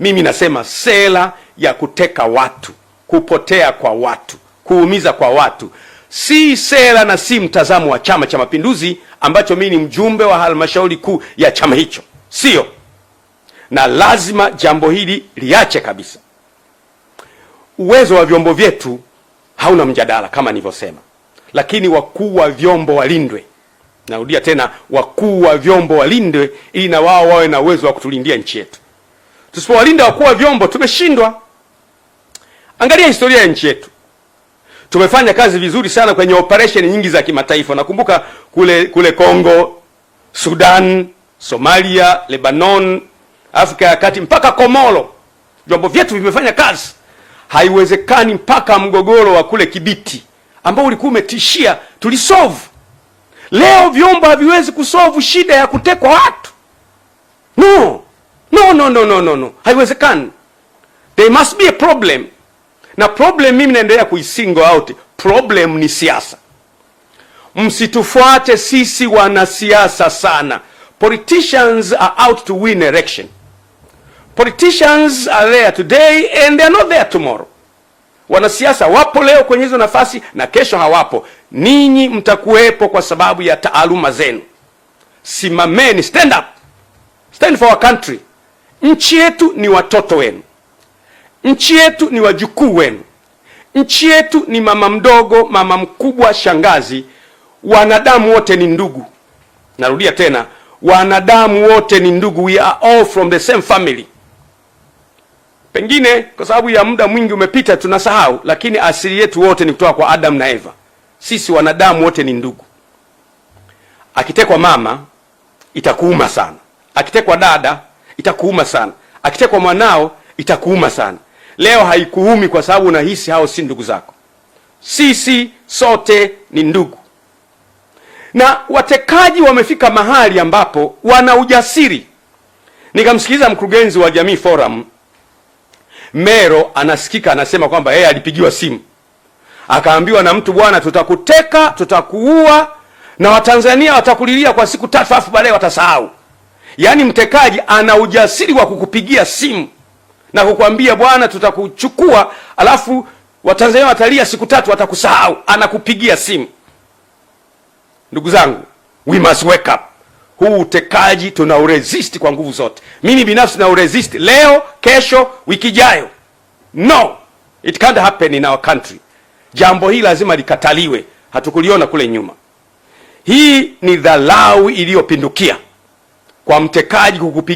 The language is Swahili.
Mimi nasema sera ya kuteka watu, kupotea kwa watu, kuumiza kwa watu si sera na si mtazamo wa Chama cha Mapinduzi ambacho mimi ni mjumbe wa halmashauri kuu ya chama hicho, sio na lazima jambo hili liache kabisa. Uwezo wa vyombo vyetu hauna mjadala kama nilivyosema, lakini wakuu wa vyombo walindwe. Narudia tena, wakuu wa vyombo walindwe ili na wao wawe na uwezo wa kutulindia nchi yetu tusipowalinda wakuu wa vyombo tumeshindwa. Angalia historia ya nchi yetu, tumefanya kazi vizuri sana kwenye operesheni nyingi za kimataifa. Nakumbuka kule kule Kongo, Sudan, Somalia, Lebanon, Afrika ya Kati mpaka Komoro, vyombo vyetu vimefanya kazi. Haiwezekani mpaka mgogoro wa kule Kibiti ambao ulikuwa umetishia tulisolve. Leo vyombo haviwezi kusolve shida ya kutekwa watu no No, no, no, no, no, no, haiwezekani. There must be a problem, na problem mimi naendelea kuisingle out. Problem ni siasa. Msitufuate sisi wanasiasa sana. Politicians are out to win election. Politicians are there today and they are not there tomorrow. Wanasiasa wapo leo kwenye hizo nafasi na kesho hawapo. Ninyi mtakuwepo kwa sababu ya taaluma zenu. Simameni, stand up, stand for our country. Nchi yetu ni watoto wenu, nchi yetu ni wajukuu wenu, nchi yetu ni mama mdogo, mama mkubwa, shangazi. Wanadamu wote ni ndugu. Narudia tena, wanadamu wote ni ndugu, we are all from the same family. Pengine kwa sababu ya muda mwingi umepita tunasahau, lakini asili yetu wote ni kutoka kwa Adam na Eva. Sisi wanadamu wote ni ndugu. Akitekwa mama itakuuma sana, akitekwa dada itakuuma sana. Akitekwa mwanao itakuuma sana. Leo haikuumi kwa sababu unahisi hao si ndugu zako. Sisi sote ni ndugu, na watekaji wamefika mahali ambapo wana ujasiri. Nikamsikiliza mkurugenzi wa Jamii Forum Mero, anasikika anasema kwamba yeye alipigiwa simu akaambiwa na mtu, bwana, tutakuteka tutakuua na Watanzania watakulilia kwa siku tatu, afu baadaye watasahau. Yaani mtekaji ana ujasiri wa kukupigia simu na kukwambia bwana, tutakuchukua, alafu Watanzania watalia siku tatu, watakusahau. Anakupigia simu. Ndugu zangu, we must wake up. Huu utekaji tuna tunauresist kwa nguvu zote. Mimi binafsi na nauresist leo, kesho, wiki ijayo. No, it can't happen in our country. Jambo hili lazima likataliwe. Hatukuliona kule nyuma. Hii ni dharau iliyopindukia kwa mtekaji kukupigia